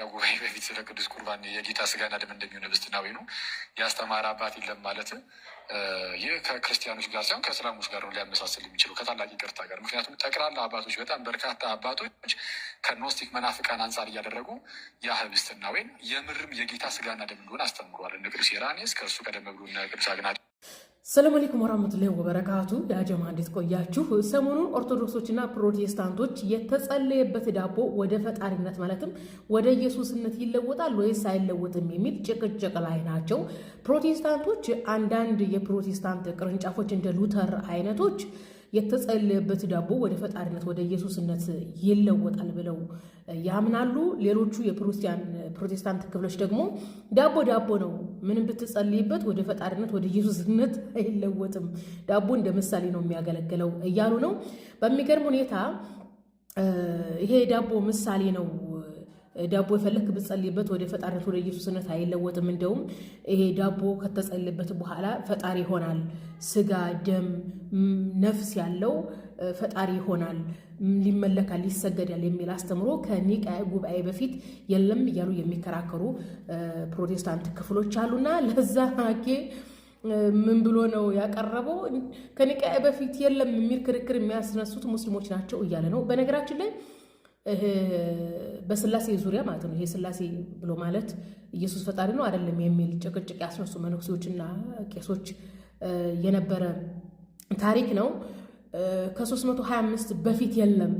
ያው ጉባኤ በፊት ስለ ቅዱስ ቁርባን የጌታ ስጋና ደም እንደሚሆን ህብስትና ወይኑ ያስተማረ አባት የለም ማለት ይህ ከክርስቲያኖች ጋር ሳይሆን ከእስላሞች ጋር ነው ሊያመሳስል የሚችለው ከታላቅ ይቅርታ ጋር። ምክንያቱም ጠቅላላ አባቶች፣ በጣም በርካታ አባቶች ከኖስቲክ መናፍቃን አንጻር እያደረጉ ያ ህብስትና የምርም የጌታ ስጋና ደም እንደሆን አስተምሯል። እነ ቅዱስ ኢራኔስ ከእርሱ ቀደም ብሎ ቅዱስ አግናጢ ሰላም አለይኩም ወራህመቱላሂ ወበረካቱ ያጀማ እንዴት ቆያችሁ? ሰሞኑን ኦርቶዶክሶችና ፕሮቴስታንቶች የተጸለየበት ዳቦ ወደ ፈጣሪነት ማለትም ወደ ኢየሱስነት ይለወጣል ወይስ አይለወጥም የሚል ጭቅጭቅ ላይ ናቸው። ፕሮቴስታንቶች አንዳንድ የፕሮቴስታንት ቅርንጫፎች እንደ ሉተር አይነቶች የተጸለየበት ዳቦ ወደ ፈጣሪነት ወደ ኢየሱስነት ይለወጣል ብለው ያምናሉ። ሌሎቹ የፕሮቲስታን ፕሮቴስታንት ክፍሎች ደግሞ ዳቦ ዳቦ ነው፣ ምንም ብትጸልይበት ወደ ፈጣሪነት ወደ ኢየሱስነት አይለወጥም፣ ዳቦ እንደ ምሳሌ ነው የሚያገለግለው እያሉ ነው። በሚገርም ሁኔታ ይሄ ዳቦ ምሳሌ ነው ዳቦ የፈለክ ብትጸልይበት ወደ ፈጣሪነት ወደ ኢየሱስነት አይለወጥም። እንደውም ይሄ ዳቦ ከተጸልይበት በኋላ ፈጣሪ ይሆናል። ስጋ ደም ነፍስ ያለው ፈጣሪ ይሆናል፣ ሊመለካል፣ ሊሰገዳል የሚል አስተምሮ ከኒቃ ጉባኤ በፊት የለም እያሉ የሚከራከሩ ፕሮቴስታንት ክፍሎች አሉና ለዛ ሀኬ ምን ብሎ ነው ያቀረበው? ከኒቃ በፊት የለም የሚል ክርክር የሚያስነሱት ሙስሊሞች ናቸው እያለ ነው በነገራችን ላይ በስላሴ ዙሪያ ማለት ነው። ይሄ ስላሴ ብሎ ማለት ኢየሱስ ፈጣሪ ነው አይደለም የሚል ጭቅጭቅ ያስነሱ መነኩሴዎችና ቄሶች የነበረ ታሪክ ነው። ከ325 በፊት የለም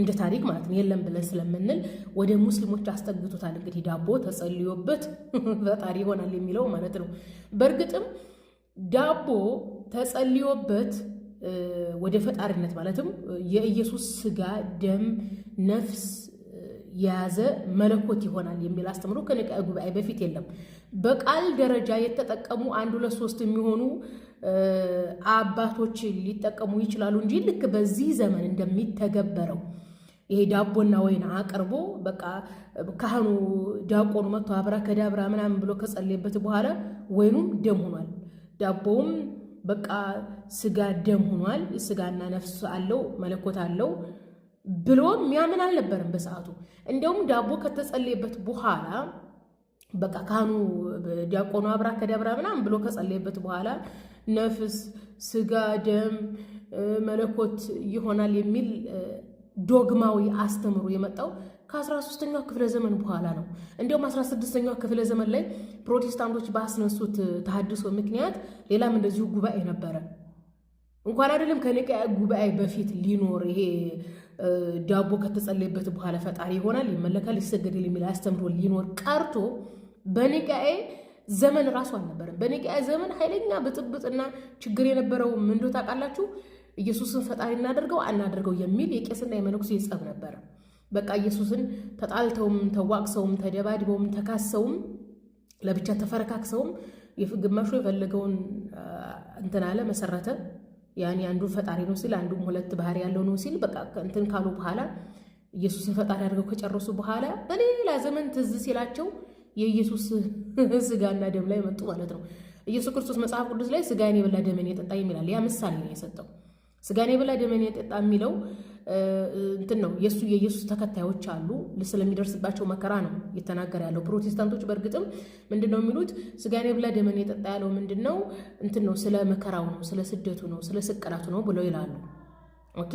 እንደ ታሪክ ማለት ነው። የለም ብለን ስለምንል ወደ ሙስሊሞች አስጠግቶታል። እንግዲህ ዳቦ ተጸልዮበት ፈጣሪ ይሆናል የሚለው ማለት ነው። በእርግጥም ዳቦ ተጸልዮበት ወደ ፈጣሪነት ማለትም የኢየሱስ ስጋ፣ ደም፣ ነፍስ የያዘ መለኮት ይሆናል የሚል አስተምሮ ከኒቅያ ጉባኤ በፊት የለም። በቃል ደረጃ የተጠቀሙ አንድ ሁለት ሶስት የሚሆኑ አባቶች ሊጠቀሙ ይችላሉ እንጂ ልክ በዚህ ዘመን እንደሚተገበረው ይሄ ዳቦና ወይን አቅርቦ በቃ ካህኑ ዲያቆኑ መጥቶ አብራ ከዳብራ ምናምን ብሎ ከጸለየበት በኋላ ወይኑም ደም ሆኗል ዳቦውም በቃ ስጋ ደም ሆኗል፣ ስጋና ነፍስ አለው፣ መለኮት አለው ብሎ የሚያምን አልነበረም በሰዓቱ። እንዲያውም ዳቦ ከተጸለየበት በኋላ በቃ ካህኑ ዲያቆኑ አብራ ከደብራ ምናምን ብሎ ከጸለየበት በኋላ ነፍስ፣ ስጋ፣ ደም፣ መለኮት ይሆናል የሚል ዶግማዊ አስተምሮ የመጣው ከ13ኛው ክፍለ ዘመን በኋላ ነው። እንዲሁም 16ኛው ክፍለ ዘመን ላይ ፕሮቴስታንቶች ባስነሱት ተሐድሶ ምክንያት ሌላም እንደዚሁ ጉባኤ ነበረ። እንኳን አይደለም ከኒቅያ ጉባኤ በፊት ሊኖር ይሄ ዳቦ ከተጸለየበት በኋላ ፈጣሪ ይሆናል፣ ይመለካል፣ ይሰገዳል የሚል አስተምሮ ሊኖር ቀርቶ በኒቅያ ዘመን ራሱ አልነበረም። በኒቅያ ዘመን ኃይለኛ ብጥብጥና ችግር የነበረው ምንዶ ታውቃላችሁ? ኢየሱስን ፈጣሪ እናደርገው አናደርገው የሚል የቄስና የመነኩሴ ጸብ ነበረ። በቃ ኢየሱስን ተጣልተውም ተዋቅሰውም ተደባድበውም ተካሰውም ለብቻ ተፈረካክሰውም ግማሹ የፈለገውን እንትን አለ መሰረተ ያኔ አንዱ ፈጣሪ ነው ሲል አንዱም ሁለት ባህሪ ያለው ነው ሲል በቃ እንትን ካሉ በኋላ ኢየሱስን ፈጣሪ አድርገው ከጨረሱ በኋላ በሌላ ዘመን ትዝ ሲላቸው የኢየሱስ ስጋና ደም ላይ መጡ ማለት ነው። ኢየሱስ ክርስቶስ መጽሐፍ ቅዱስ ላይ ስጋን የበላ ደመን የጠጣ የሚላል ያ ምሳሌ ነው የሰጠው። ስጋን የበላ ደመን የጠጣ የሚለው እንትን ነው የሱ የኢየሱስ ተከታዮች አሉ ስለሚደርስባቸው መከራ ነው እየተናገረ ያለው። ፕሮቴስታንቶች በእርግጥም ምንድን ነው የሚሉት ስጋዬን የበላ ደመን የጠጣ ያለው ምንድን ነው እንትን ነው ስለ መከራው ነው ስለ ስደቱ ነው ስለ ስቅላቱ ነው ብለው ይላሉ። ኦኬ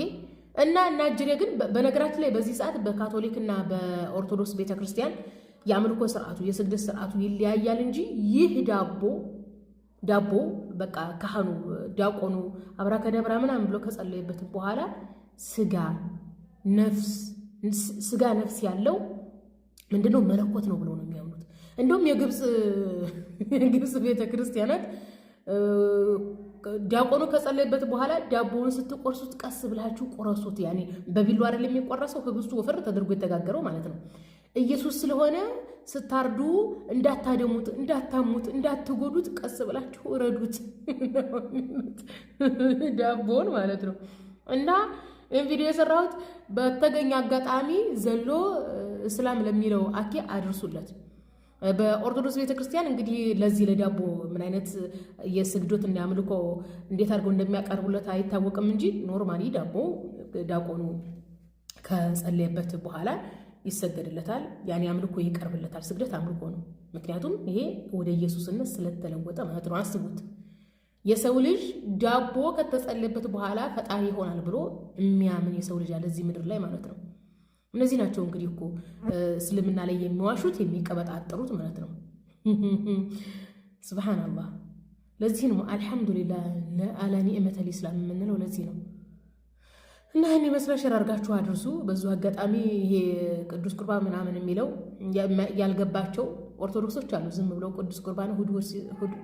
እና እና እጅሬ ግን በነገራችን ላይ በዚህ ሰዓት በካቶሊክ እና በኦርቶዶክስ ቤተክርስቲያን የአምልኮ ስርዓቱ የስግደት ስርዓቱ ይለያያል እንጂ ይህ ዳቦ ዳቦ በቃ ካህኑ ዲያቆኑ አብራ ከደብራ ምናምን ብሎ ከጸለየበት በኋላ ስጋ ነፍስ ስጋ ነፍስ ያለው ምንድነው መለኮት ነው ብለው ነው የሚያምኑት። እንደውም የግብፅ የግብፅ ቤተ ክርስቲያናት ዲያቆኑ ከጸለይበት በኋላ ዳቦውን ስትቆርሱት ቀስ ብላችሁ ቆረሱት። ያኔ በቢሉ አይደል የሚቆረሰው፣ ህብስቱ ወፈር ተደርጎ የተጋገረው ማለት ነው። ኢየሱስ ስለሆነ ስታርዱ እንዳታደሙት፣ እንዳታሙት፣ እንዳትጎዱት ቀስ ብላችሁ እረዱት ዳቦውን ማለት ነው እና ይህን ቪዲዮ የሰራሁት በተገኘ አጋጣሚ ዘሎ እስላም ለሚለው አኬ አድርሱለት። በኦርቶዶክስ ቤተክርስቲያን እንግዲህ ለዚህ ለዳቦ ምን አይነት የስግዶት እና አምልኮ እንዴት አድርገው እንደሚያቀርቡለት አይታወቅም እንጂ ኖርማሊ ዳቦ ዳቆኑ ከጸለየበት በኋላ ይሰገድለታል። ያን አምልኮ ይቀርብለታል። ስግደት አምልኮ ነው። ምክንያቱም ይሄ ወደ ኢየሱስነት ስለተለወጠ ማለት ነው። አስቡት። የሰው ልጅ ዳቦ ከተጸለበት በኋላ ፈጣሪ ይሆናል ብሎ የሚያምን የሰው ልጅ አለ እዚህ ምድር ላይ ማለት ነው። እነዚህ ናቸው እንግዲህ እኮ እስልምና ላይ የሚዋሹት የሚቀበጣጠሩት ማለት ነው። ስብሓንላህ። ለዚህ ነው አልሐምዱሊላህ አላ ኒዕመተ ልኢስላም የምንለው ለዚህ ነው። እና ይህን የመስላል ሸር አድርጋችሁ አድርሱ። በዙ አጋጣሚ ይሄ ቅዱስ ቁርባን ምናምን የሚለው ያልገባቸው ኦርቶዶክሶች አሉ። ዝም ብለው ቅዱስ ቁርባን